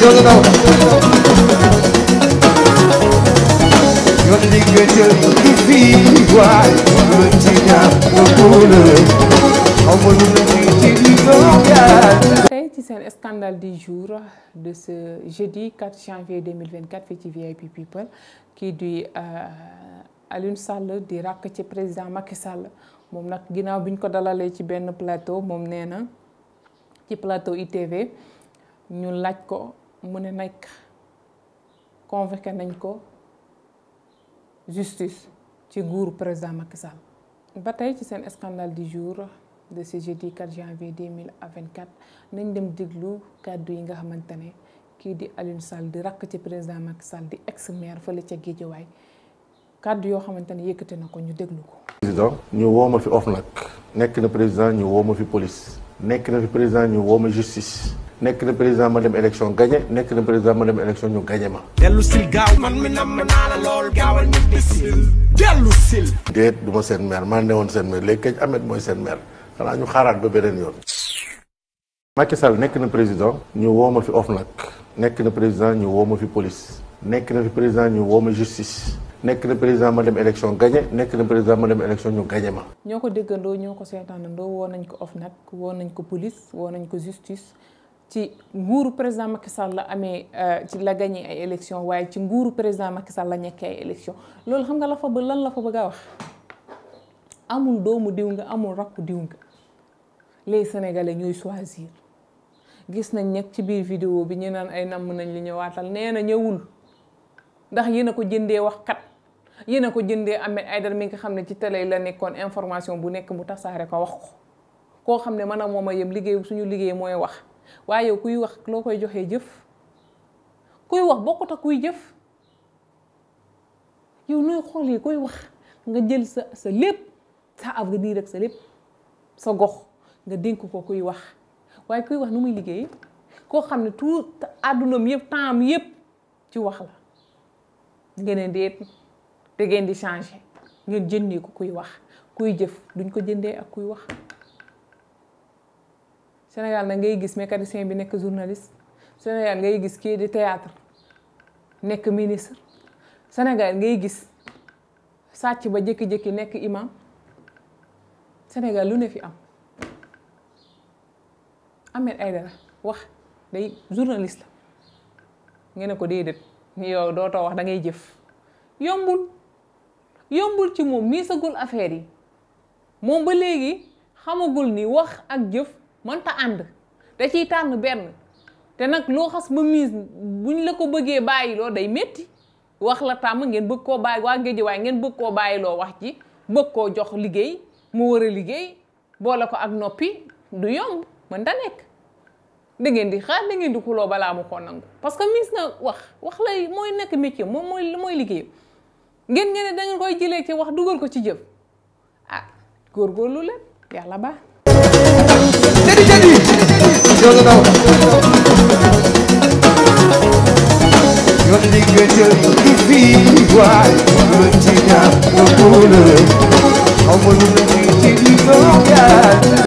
You're no. Yolunu götür ifi var Ölçüne okulu Amanın içini zorlar tey ci seen scandale du jour de ce jeudi 4 janvier 2024 fii ci VIP People qui euh, à l'une salle di que ci président Macky Sall mom nak ginaaw biñ ko dalalé ci ben plateau mom néna ci plateau ITV ñu laaj ko mu ne nag convoqué nañ ko justice ci nguuru président Macky Sall ba tey ci seen scandale du jour de ce mille 4 vingt 2024 nañ dem déglu kàddu yi nga xamante ne kii di Alioune Sall di rakk ci président Macky Sall di ex maire fële ca Guédiawaye kàddu yoo xamante ne yëkkati na ko ñu déglu ko. ñu woo ma fi OFNAC nekk na président ñu woo ma fi police nekk na fi président ñu woo ma justice. nekk na président ma dem élection gagné nekk na président ma dem élection ñu gagné ma. dellu sil gaaw man mi namm naa la lool gaawal ñibbi sil dellu sil. déet du ma seen maire maa newoon seen maire léegi kañ Ahmed mooy seen maire xanaa ñu xaaraat ba beneen yoon. Macky Sall nekk na président ñu woo ma fi OFNAC nekk na président ñu woo ma fi police nekk na fi président ñu woo ma justice. nekk na président ma dem élection gagné nekk na président ma dem élection ñu gagné ma. ñoo ko déggandoo ñoo ko seetaanandoo woo nañ ko OFNAC woo nañ ko police woo nañ ko justice. ci nguuru président Macky Sall la amee euh, ci la gagné ay élection waaye ci nguuru président Macky Sall la ñekkee ay élection loolu xam nga la fa ba lan la fa bëgg a wax amul doomu diw nga amul rakku diw nga les sénégalais ñooy choisir gis nañ nekk ci biir vidéo bi ñu naan ay namm nañ li ñëwaatal nee na ñëwul ndax yéen a ko jëndee wax kat yéen a ko jëndee Ahmed Aïdara mi nga xam ne ci télé la nekkoon information bu nekk mu tasaare ko wax ko koo xam ne man a moom a yem liggéey suñu liggéey mooy wax. waaye kuy wax loo koy joxee jëf kuy wax bokkut ak kuy jëf yow nooy xool yi kuy wax nga jël sa sa lépp sa avenir ak sa lépp sa gox nga dénk ko kuy wax waaye kuy wax nu muy liggéey koo xam ne tout àddunaam yëpp temps yëpp ci wax la ngeen a te ngeen di changé ngeen jëndee ko kuy wax kuy jëf duñ ko jëndee ak kuy wax Sénégal na ngay gis mécanicien bi nekk journaliste Sénégal ngay gis kii di théâtre nekk ministre Sénégal ngay gis sàcc ba jékki-jékki nekk imam Sénégal lu ne fi am Ahmed Aidara wax day journaliste la ngeen ne ko déedéet ni yow dootoo wax dangay jëf yombul yombul ci moom miisagul affaire yi moom ba léegi xamagul ni wax ak jëf mënta ànd da ciy tànn benn te nag loo xas ba miis buñ la ko bëggee bàyyiloo day métti wax la tàmm ngeen bëgg koo bàyyi waa géej waaye ngeen bëgg koo bàyyi wax ji bëgg koo jox liggéey mu war a liggéey boole ko ak noppi du yomb mën da nekk da ngeen di xaar da ngeen di xuloo balaa mu ko nangu parce que miis na wax wax lay mooy nekk métier moom mooy mooy liggéeyam ngeen ngeen ne koy jëlee ci wax dugal ko ci jëf ah góorgóorlu leen yàlla baax jadi jadi jangan tahu Onde que eu te vi igual Não tinha procura Ao mundo que te divulgar